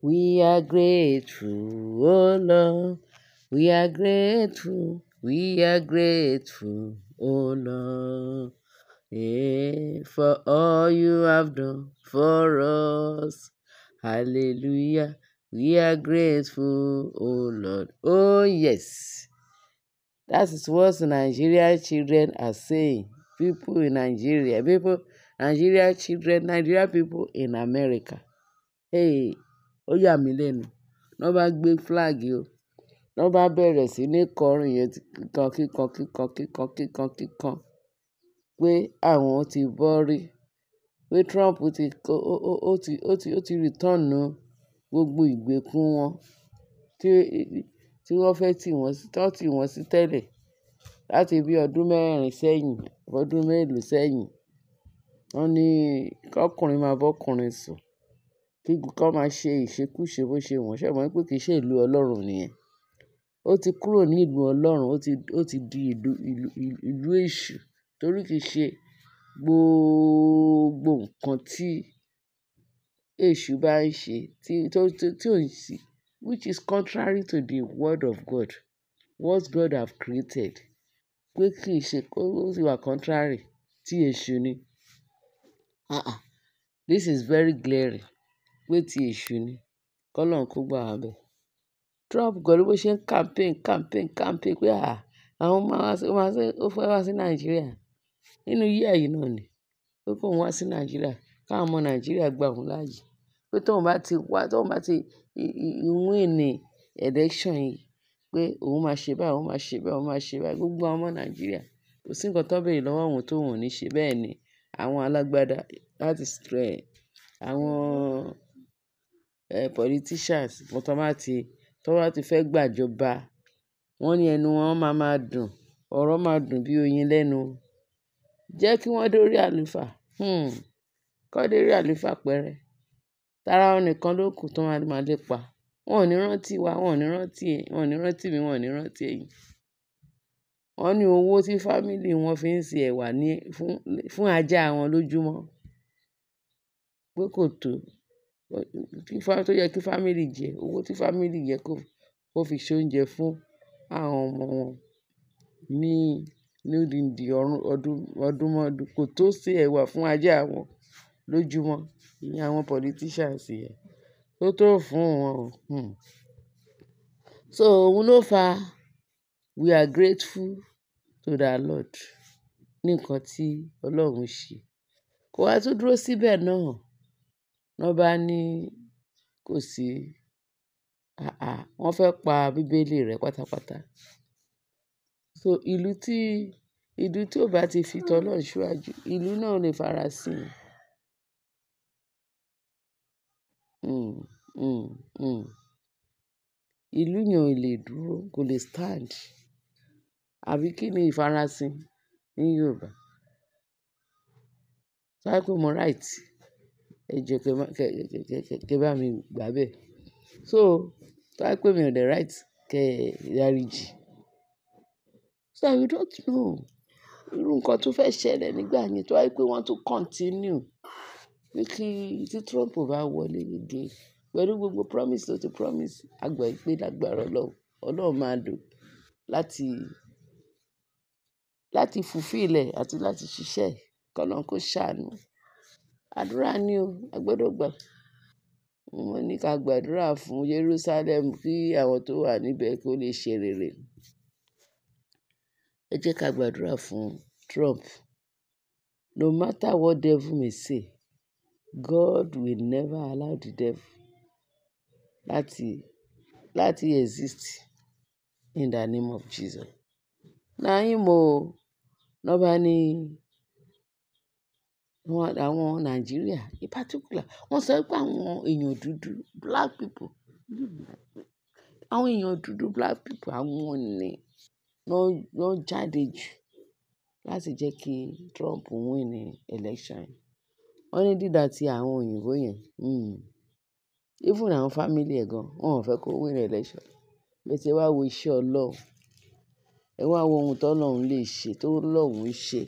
We are grateful, oh Lord. We are grateful. We are grateful, oh Lord. Yeah, for all you have done for us. Hallelujah. We are grateful, oh Lord. Oh, yes. That is what Nigerian children are saying. People in Nigeria, people, Nigerian children, Nigerian people in America. Hey! Ó yà mí lẹ́nu. Lọ́ bá gbé flag o. Lọ́ bá bẹ̀rẹ̀ sí ní kọrin yẹn kíkan, kíkan, kíkan, kíkan, kíkan, kíkan pé àwọn ti bọ́rí, pé Trump ti kó, ó ti, ó ti, ó ti return gbogbo ìgbèkùn wọn tí, tí wọ́n fẹ́ tì wọ́n sí, tó tì wọ́n sí tẹ́lẹ̀ láti bí ọdún mẹ́rin sẹ́yìn, ọdún mélòó sẹ́yìn. Wọ́n ní kọ́kùnrin máa bọ́kùnrin sùn kí kan máa ṣe ìṣekúṣe bó ṣe wọ́n, ṣé mọ̀ pé kì í ṣe ìlú Ọlọ́run nìyẹn? Ó ti kúrò ní ìlú Ọlọ́run, ó ti, di ìlú, èṣù torí kì í ṣe gbogbo nǹkan tí èṣù bá ń ṣe tí, ò ń ṣe which is contrary to the word of God, what God have created. Pé kì í ṣe, ó sì wà contrary tí èṣù ni. Àáà, ah, ah, this is very glaring pé ti èṣù ni. Kọ́ lọ́run kó gbà wá bẹ. Trump pẹ̀lú bó ṣe ń campaign, campaign, campaign pé à, ah, àwọn máa wá sí, ó máa sí, ó fẹ́ wá sí Nàìjíríà. Nínú year yìí náà ni. Pé kó wá sí Nàìjíríà, káwọn ọmọ Nàìjíríà gba òun láàyè. Pé tóun bá ti wá, tóun bá ti win election yìí, pé òun máa ṣe báyìí, òun máa ṣe báyìí, òun máa ṣe báyìí. Gbogbo àwọn ọmọ Nàìjíríà, kò sí nǹkan tó béèrè lọ́wọ́ òun tó òun ní ṣe. Bẹ́ẹ̀ ni àwọn alágbádá, that is, àwọn. Eh, politicians kan tán bá ti tán bá ti fẹ́ gbàjọba wọ́n ní ẹnu wọn máa máa dùn ọ̀rọ̀ máa dùn bí oyin lẹ́nu jẹ́ kí wọ́n dórí àlééfà um hmm, kán dórí àlééfà tara wọn nìkan ló kù tán máa lépa wọn ò ní rántí wa wọn ò ní rántí wọn ò ní rántí mi wọn ò ní rántí ẹ̀yin wọn ní owó tí fámìlì wọn fi ń se ẹwà ní fún fún ajá wọn lójúmọ́ pé kò tó tó yẹ kí fámílì jẹ owó tí fámílì yẹ kó fi ṣoúnjẹ fún àwọn ọmọ wọn ní lódindi ọdún ọdún mọ́dún kò tó se ẹ̀wà fún ajá àwọn lójúmọ́ ìyẹn àwọn politicians yẹn ó tó fún wọn o. Hmm. so òun ló fa we are grateful to the Lord ní nǹkan tí Ọlọ́run ṣe kó wá tún dúró síbẹ̀ náà wọn bá ní kò sí háàhà wọn fẹẹ pa bíbélì rẹ pátápátá so ìlú tí ìlú tí ò bá ti fi tọlọ́run síwájú ìlú náà lè fara sí i mm, mm, hmm. ìlú yẹn ò lè dúró kò lè stand àbí kí ni ìfarasin ní yorùbá cycle mo right ẹ jọ kẹ kẹ bá mi gbà bẹ́ẹ̀. So tó bá pé mi ò dé right kẹ dáríji. So we don't know irú nǹkan tó fẹ́ ṣẹlẹ̀ nígbà yẹn tó bá jẹ́ wọ́n tún continue pé kí tí Trump bá wọlé again pẹ̀lú gbogbo promise tó ti promise a gbà lágbára Ọlọ́run, máa lò láti, láti fulfill àti láti ṣiṣẹ́ ẹ̀. kó ṣàánú. Àdúrà ni o, a gbọdọ̀ gbà. Wọ́n ní ká gbàdúrà fún Jerusalem kí àwọn tó wà níbẹ̀ kó lè ṣe rere. Ẹ jẹ́ ká gbàdúrà fún Trump. No matter what devil may say, God will never allow the devil láti, láti exist in the name of Jesus. Na him o, lọ́ bá ní àwọn, àwọn Nàìjíríà in particular, wọ́n sọ pé àwọn èèyàn dúdú black people, àwọn èèyàn dúdú black people àwọn ni wọ́n, wọ́n jáde jù láti jẹ́ kí Trump win election. Wọ́n ní dídá tí àwọn òyìnbó yẹn, hmm, even àwọn family ẹ̀ gan, wọ́n ò fẹ́ kó win election. But ẹ wá wo iṣẹ́ Ọlọ́run, ẹ wá wo ohun tó Ọlọ́run lè ṣe, tó Ọlọ́run ṣe,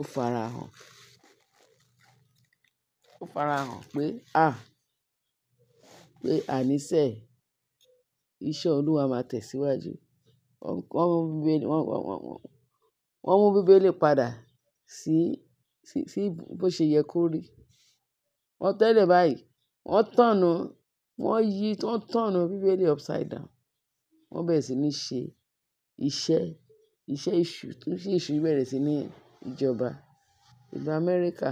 ó farahàn ó fara hàn pé a pé àníṣe iṣẹ olúwa máa tẹsíwájú wọn mú bíbélì padà sí sí bó ṣe yẹ kó rí wọn tẹlẹ báyìí wọn tọnà wọn yí wọn tọnà bíbélì upside down wọn bẹ̀rẹ̀ sí ní ṣe iṣẹ iṣẹ èṣù tó ṣe èṣù bẹ̀rẹ̀ sí ní ìjọba ìlú amẹ́ríkà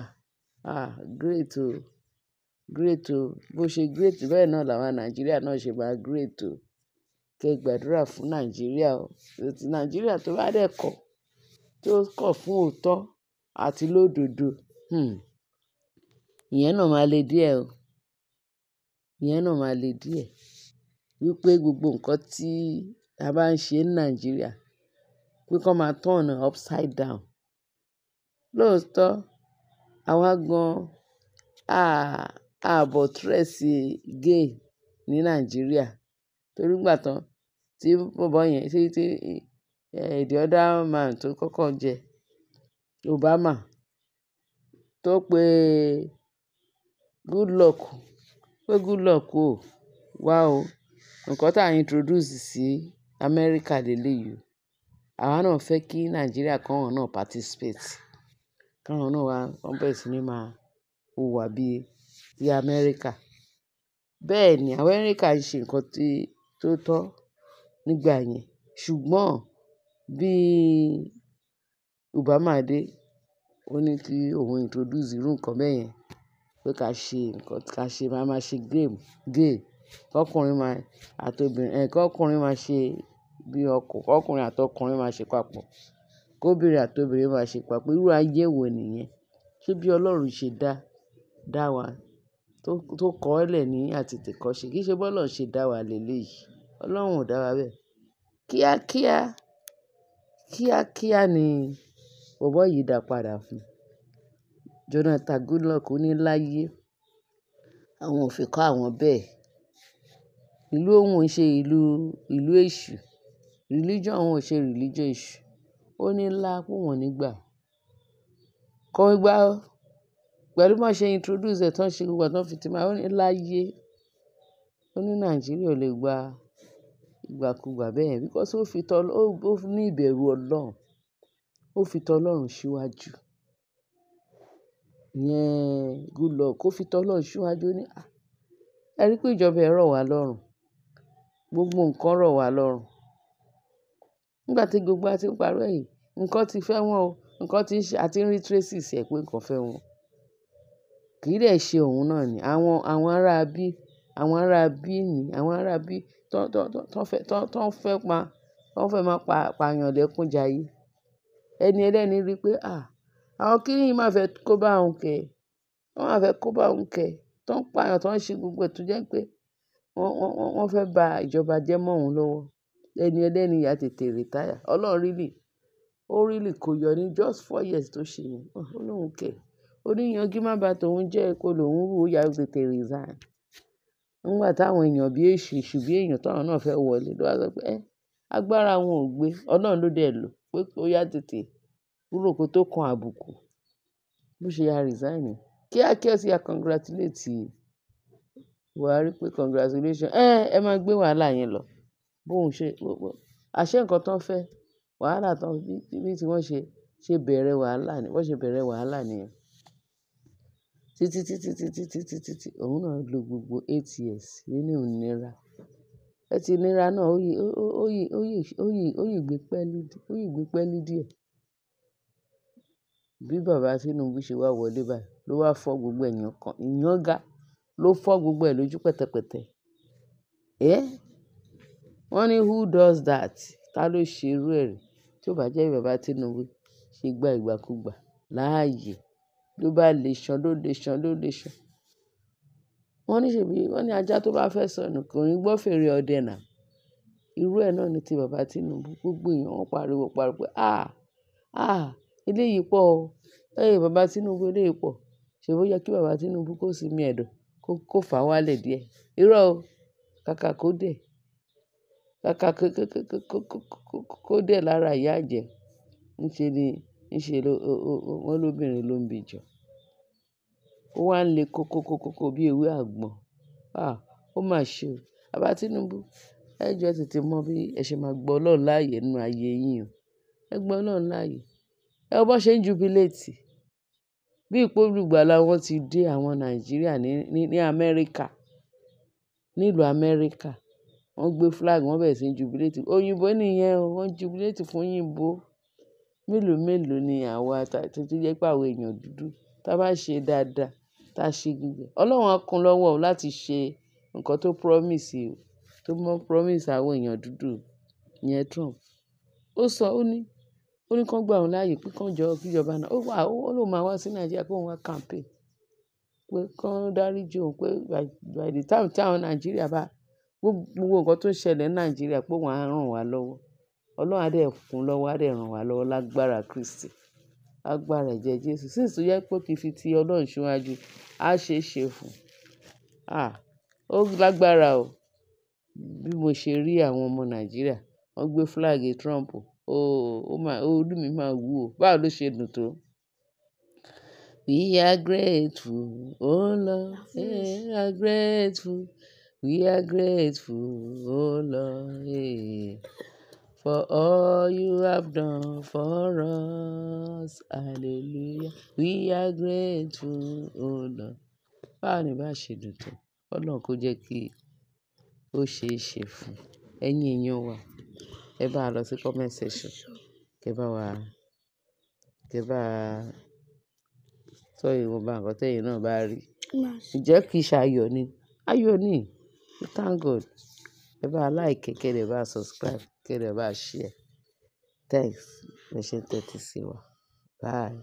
Ah! Great o, great o. Bó ṣe great bẹ́ẹ̀ náà làwọn Nàìjíríà náà ṣe máa great o. fún Nàìjíríà o. Ti Nàìjíríà tó bá dẹ̀ kọ̀, tó kọ̀ fún òótọ́ àti lódodo, hmm, ìyẹn náà máa le díẹ̀ o. Ìyẹn náà máa le díẹ̀. Wípé gbogbo nǹkan tí a bá ń ṣe ní Nàìjíríà pé máa àwa gan-an à bọ̀ tírẹ́sì gay ní nàìjíríà torí nígbà tán tí bọ̀bọ́ yẹn tí tí the other man tó kọ́kọ́ jẹ obama tó pe luck. pé goodluck o wá o nǹkan tá à ń introduce sí amẹ́ríkà lélẹ́yìí o àwa náà fẹ́ kí nàìjíríà káwọn náà participate káwọn náà wá wọ́n bẹ̀rẹ̀ sí ní máa hùwà bí ti Amẹ́ríkà. Bẹ́ẹ̀ ni Amẹ́ríkà ń ṣe nǹkan tí tó tọ́ nígbà yẹn. Ṣùgbọ́n bí Obama dé, ó ní kí òun introduce irú nǹkan bẹ́ẹ̀ yẹn pé ká ṣe nǹkan, ká ṣe máa máa ṣe game, gay. Kọ́kùnrin máa àti obìnrin, ẹ̀, kọ́kùnrin máa ṣe bí ọkọ, kọ́kùnrin máa ṣe papọ̀ kóbìnrin àti obìnrin máa ṣe papọ̀. Irú ayé wo nìyẹn? Ṣé bí Ọlọ́run ṣe dá, dá wa tó kọ́ ẹ̀ lẹ̀ ní àtètèkọ́ṣe? Kì í ṣe bí ṣe dá wa lélè Ọlọ́run ò dá wa bẹ́ẹ̀. Kíákíá, kíákíá ni bọ̀bọ́ yìí dà padà fún. Jonathan Goodluck ó ní láyé, àwọn ò fi kọ́ àwọn bẹ́ẹ̀. Ìlú òun ò ṣe ìlú, ìlú èṣù. Religion òun ò ṣe religion èṣù ó ní ńlá pé wọ́n ní gbà. Kọ́ gbá ó. Pẹ̀lú bí ṣe introduce ẹ̀, tí wọ́n ṣe gbogbo ẹ̀, tí wọ́n fi ti máa, ó ní láyé. Ó ní Nàìjíríà ò lè gba ìgbàkúgbà bẹ́ẹ̀ because ó fi tọ́, ó ní ìbẹ̀rù Ọlọ́run. Ó fi tọ́ Ọlọ́run síwájú. Iyẹn Goodluck, ó fi tọ́ Ọlọ́run síwájú. Ó ní, "À, ah, ẹ rí pé ìjọba ẹ rọ̀ wá lọ́rùn. Gbogbo nǹkan rọ̀ wá lọ́rùn. Nígbà tí gbogbo wa ti ń parọ́ ẹ̀yìn, nǹkan ti fẹ́ wọn o, nǹkan ti ń ṣe, a ti ń rí traces ẹ̀ pé nǹkan fẹ́ wọn. Kì í dẹ̀ ṣe òun náà ni. Àwọn, àwọn ará bí, àwọn ará bí ni, àwọn ará bí tó, tó, tó, tó fẹ́, tó, tó fẹ́ pa, tó fẹ́ máa pa, pa èèyàn lẹ́kún jayé. Ẹni ẹlẹ́ni rí pé à, àwọn kíní yìí máa fẹ́ kó bá òun kẹ̀. Wọ́n máa fẹ́ kó bá òun kẹ̀. Tó ń pa èèyàn, tó ń ṣe gbogbo ètò jẹ́ pé wọ́n, wọ́n, wọ́n fẹ́ ba ìjọba jẹ́ mọ́ òun lọ́wọ́ ẹni ẹlẹ́ni yẹn á tètè retire. Ọlọ́run really, ó really kó yọ ní just four years tó ṣe yẹn. Ó lóhùn kẹ̀. Ó ní yangi má bá tòun jẹ́ epo lòun wú, ó yá tètè resign. Nígbà táwọn èèyàn bí èṣù, èṣù bí èèyàn táwọn náà fẹ́ wọlé ló wá sọ pé ẹ́, agbára wọn ò gbé. Ọlọ́run ló dẹ̀ ló pé ó yá tètè kúrò kó tó kan àbùkù. Bó ṣe ya resign ni. Kíákíá sì ya congratulate Buhari pé congratulations. Ẹ́, ẹ máa gbé wàhálà yẹn lọ bóun ṣe àṣé nǹkan tó ń fẹ́ wàhálà tó ń bí tí wọ́n ṣe ṣe bẹ̀rẹ̀ wàhálà ni wọ́n ṣe bẹ̀rẹ̀ wàhálà nìyẹn. Títí, títí, títí, títí, títí òun náà lo gbogbo eight years nínú ìnira. Ẹ ti ìnira náà ó yí, ó yí, ó yí, ó yí, ó yí gbé pẹ́lú, ó yí gbé pẹ́lú díẹ̀. Bí bàbá Tinubu ṣe wá wọlé báyìí ló wá fọ́ gbogbo èèyàn kan, ìyànga ló fọ́ gbogbo ẹ̀ lójú pẹtẹpẹtẹ. Ẹ́! Wọ́n ní who does that? Ta ló ṣe irú ẹ̀ rí? Tí ó bá jẹ́ bàbá Tinubu ṣe gba ìgbàkúgbà láàyè ló bá le ṣan, ló le ṣan, ló le ṣan. Wọ́n ní ṣèbí, wọ́n ní ajá tó bá fẹ́ sọnù kò ní gbọ́ fèrè ọdẹ náà. Irú ẹ náà ni ti bàbá Tinubu. Gbogbo èèyàn ń pariwo, pariwo pé "àh! Àh! Eléyìí pọ̀ o. Ẹ̀ bàbá Tinubu eléyìí pọ̀." Ṣèbí ó yẹ kí bàbá Tinubu kó sinmi ẹ̀dọ̀, kó fà wálẹ̀ díẹ̀. Irọ́ o, kàkà kó dẹ̀ Kàkà kó dé lára ìyá ìjẹ, níṣe ni, níṣe wọ́n lóbìnrin ló ń bí jọ. Ó wá ń le koko koko ko bí ewé àgbọn. Àh! Ó mà ṣe o. Baba Tinubu, ẹ jọ ẹ tètè mọ bí ẹ ṣe máa gba Ọlọ́run láàyè nínú ayé yín o. Ẹ gba Ọlọ́run láàyè. Ẹ wo bó ṣe ń jubiléètì. Bí i pé olùgbàlà wọn ti dé àwọn Nàìjíríà ní, ní Amẹ́ríkà, ní ìlú Amẹ́ríkà wọ́n gbé flag wọ́n bẹ̀rẹ̀ sí ní jubilate. Òyìnbó nìyẹn o, wọ́n jubilate fún òyìnbó. Mélòó mélòó ni àwa tí ó jẹ́ pé àwa èèyàn dúdú tá bá ṣe dáadáa, tá ṣe gíga. Ọlọ́run á kun lọ́wọ́ o láti ṣe nǹkan tó promise o, tó mọ́ promise àwọn èèyàn dúdú yẹn Trump. Ó sọ, ó ní, ó ní kí wọ́n gbà òun láàyè pé kí wọ́n jọ kí ìjọba náà, ó wà, ó lóun máa wá sí Nàìjíríà pé òun wá campaign, pé kí wọ́n dáríji òun pé by the time tí àwọn Nàìjíríà bá gbogbo nǹkan tó ń ṣẹlẹ̀ ní Nàìjíríà pé òun á ràn wá lọ́wọ́. Ọlọ́run á kún lọ́wọ́, á ràn wá lọ́wọ́ lágbára Kristi, lágbára ẹ̀jẹ̀ Jésù. Since tó jẹ́ pé ó ti fi ti Ọlọ́run síwájú, á ṣe é ṣe fún Ó lágbára o. Bí mo ṣe rí àwọn ọmọ Nàìjíríà, wọ́n gbé flag Trump. Oh! Ó máa, orí máa wú o. Báwo ló ṣe dùn tó? We are grateful, oh Lord, we are grateful. We are grateful, oh Lord, hey, eh, for all you have done for us. Hallelujah. We are grateful, oh Lord. Báwo ni bá ṣe dùn tó? Ọlọ́run kó jẹ́ kí ó ṣe é ṣe fún ẹ̀yin èèyàn wa. Ẹ bá a lọ sí comment section. Kẹ bá wa, kẹ bá sọ ìwọ̀nba nǹkan tẹ́yin náà bá rí. Ǹjẹ́ kì í ṣe ayọ̀ ni? Ayọ̀ ni. Thank God. Ẹ bá like, kí ẹ bá subscribe, kí ẹ bá share. Thanks. Mission ṣé Bye.